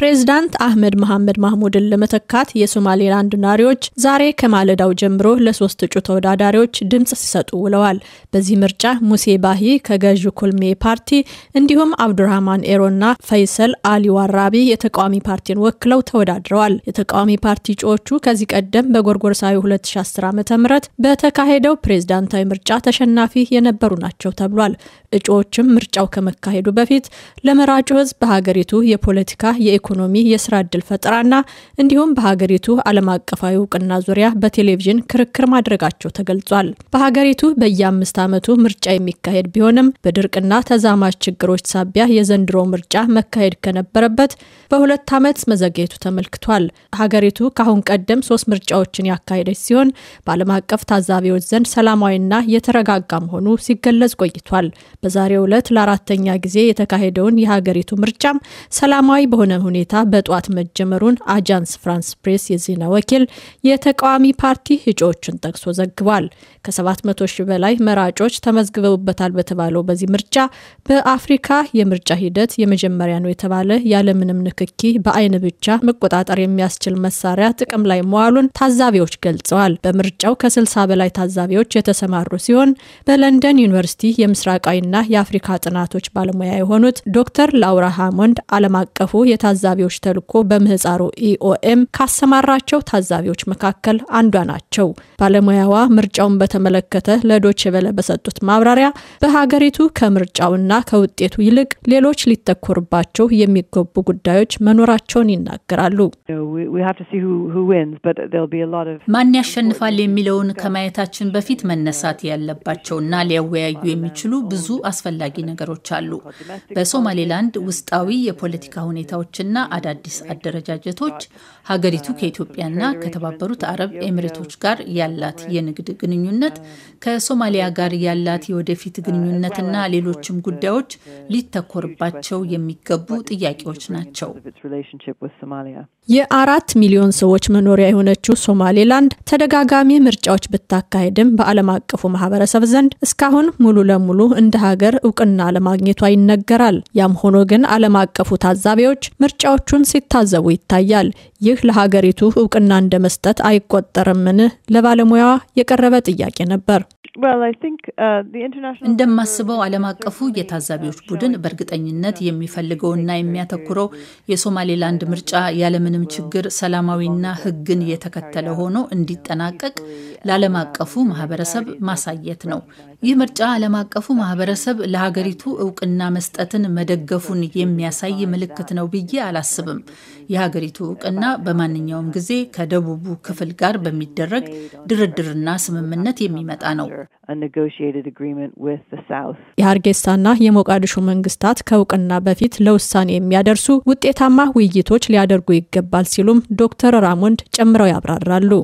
ፕሬዝዳንት አህመድ መሐመድ ማህሙድን ለመተካት የሶማሌላንድ ናሪዎች ዛሬ ከማለዳው ጀምሮ ለሶስት እጩ ተወዳዳሪዎች ድምፅ ሲሰጡ ውለዋል። በዚህ ምርጫ ሙሴ ባሂ ከገዢው ኩልሜ ፓርቲ እንዲሁም አብዱራህማን ኤሮና ፈይሰል አሊ ዋራቢ የተቃዋሚ ፓርቲን ወክለው ተወዳድረዋል። የተቃዋሚ ፓርቲ እጩዎቹ ከዚህ ቀደም በጎርጎርሳዊ 2010 ዓ ም በተካሄደው ፕሬዝዳንታዊ ምርጫ ተሸናፊ የነበሩ ናቸው ተብሏል። እጩዎችም ምርጫው ከመካሄዱ በፊት ለመራጩ ህዝብ በሀገሪቱ የፖለቲካ የኢኮ ኢኮኖሚ፣ የስራ ዕድል ፈጠራና እንዲሁም በሀገሪቱ ዓለም አቀፋዊ እውቅና ዙሪያ በቴሌቪዥን ክርክር ማድረጋቸው ተገልጿል። በሀገሪቱ በየአምስት ዓመቱ ምርጫ የሚካሄድ ቢሆንም በድርቅና ተዛማጅ ችግሮች ሳቢያ የዘንድሮ ምርጫ መካሄድ ከነበረበት በሁለት ዓመት መዘግየቱ ተመልክቷል። ሀገሪቱ ከአሁን ቀደም ሶስት ምርጫዎችን ያካሄደች ሲሆን በዓለም አቀፍ ታዛቢዎች ዘንድ ሰላማዊና የተረጋጋ መሆኑ ሲገለጽ ቆይቷል። በዛሬው ዕለት ለአራተኛ ጊዜ የተካሄደውን የሀገሪቱ ምርጫም ሰላማዊ በሆነ ሁኔታ ሁኔታ በጠዋት መጀመሩን አጃንስ ፍራንስ ፕሬስ የዜና ወኪል የተቃዋሚ ፓርቲ እጩዎቹን ጠቅሶ ዘግቧል። ከ700 ሺህ በላይ መራጮች ተመዝግበውበታል በተባለው በዚህ ምርጫ በአፍሪካ የምርጫ ሂደት የመጀመሪያ ነው የተባለ ያለምንም ንክኪ በአይን ብቻ መቆጣጠር የሚያስችል መሳሪያ ጥቅም ላይ መዋሉን ታዛቢዎች ገልጸዋል። በምርጫው ከ60 በላይ ታዛቢዎች የተሰማሩ ሲሆን በለንደን ዩኒቨርሲቲ የምስራቃዊና የአፍሪካ ጥናቶች ባለሙያ የሆኑት ዶክተር ላውራ ሃሞንድ ዓለም አቀፉ የታዛ ታዛቢዎች ተልኮ በምህፃሩ ኢኦኤም ካሰማራቸው ታዛቢዎች መካከል አንዷ ናቸው። ባለሙያዋ ምርጫውን በተመለከተ ለዶቼ ቬለ በሰጡት ማብራሪያ በሀገሪቱ ከምርጫውና ከውጤቱ ይልቅ ሌሎች ሊተኮርባቸው የሚገቡ ጉዳዮች መኖራቸውን ይናገራሉ። ማን ያሸንፋል የሚለውን ከማየታችን በፊት መነሳት ያለባቸውና ሊያወያዩ የሚችሉ ብዙ አስፈላጊ ነገሮች አሉ። በሶማሌላንድ ውስጣዊ የፖለቲካ ሁኔታዎችና ና አዳዲስ አደረጃጀቶች ሀገሪቱ ከኢትዮጵያና ከተባበሩት አረብ ኤምሬቶች ጋር ያላት የንግድ ግንኙነት፣ ከሶማሊያ ጋር ያላት የወደፊት ግንኙነትና ሌሎችም ጉዳዮች ሊተኮርባቸው የሚገቡ ጥያቄዎች ናቸው። የአራት ሚሊዮን ሰዎች መኖሪያ የሆነችው ሶማሌላንድ ተደጋጋሚ ምርጫዎች ብታካሄድም በዓለም አቀፉ ማህበረሰብ ዘንድ እስካሁን ሙሉ ለሙሉ እንደ ሀገር እውቅና ለማግኘቷ ይነገራል። ያም ሆኖ ግን ዓለም አቀፉ ታዛቢዎች ምርጫ ምርጫዎቹን ሲታዘቡ ይታያል። ይህ ለሀገሪቱ እውቅና እንደ መስጠት አይቆጠርምን? ለባለሙያዋ የቀረበ ጥያቄ ነበር። uh, እንደማስበው ዓለም አቀፉ የታዛቢዎች ቡድን በእርግጠኝነት የሚፈልገውና የሚያተኩረው የሶማሌላንድ ምርጫ ያለምንም ችግር ሰላማዊና ሕግን የተከተለ ሆኖ እንዲጠናቀቅ ለዓለም አቀፉ ማህበረሰብ ማሳየት ነው። ይህ ምርጫ ዓለም አቀፉ ማህበረሰብ ለሀገሪቱ እውቅና መስጠትን መደገፉን የሚያሳይ ምልክት ነው ብዬ አላስብም። የሀገሪቱ እውቅና በማንኛውም ጊዜ ከደቡቡ ክፍል ጋር በሚደረግ ድርድርና ስምምነት የሚመጣ ነው። የሀርጌሳና የሞቃዲሾ መንግስታት ከእውቅና በፊት ለውሳኔ የሚያደርሱ ውጤታማ ውይይቶች ሊያደርጉ ይገባል ሲሉም ዶክተር ራሞንድ ጨምረው ያብራራሉ።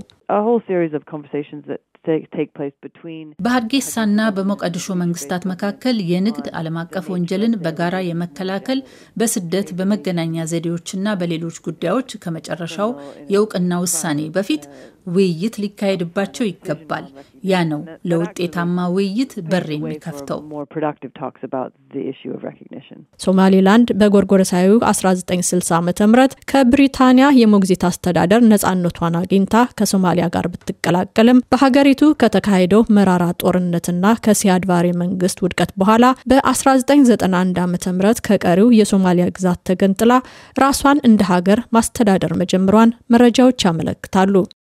በሀርጌሳና በሞቃዲሾ መንግስታት መካከል የንግድ ዓለም አቀፍ ወንጀልን በጋራ የመከላከል በስደት በመገናኛ ዘዴዎችና በሌሎች ጉዳዮች ከመጨረሻው የእውቅና ውሳኔ በፊት uh, ውይይት ሊካሄድባቸው ይገባል። uh, ያ ነው ለውጤታማ ውይይት በር የሚከፍተው። ሶማሌላንድ በጎርጎረሳዊ 1960 ዓ ም ከብሪታንያ የሞግዚት አስተዳደር ነጻነቷን አግኝታ ከሶማሊያ ጋር ብትቀላቀልም በሀገሪ በሀገሪቱ ከተካሄደው መራራ ጦርነትና ከሲያድባሬ መንግስት ውድቀት በኋላ በ1991 ዓ ም ከቀሪው የሶማሊያ ግዛት ተገንጥላ ራሷን እንደ ሀገር ማስተዳደር መጀመሯን መረጃዎች ያመለክታሉ።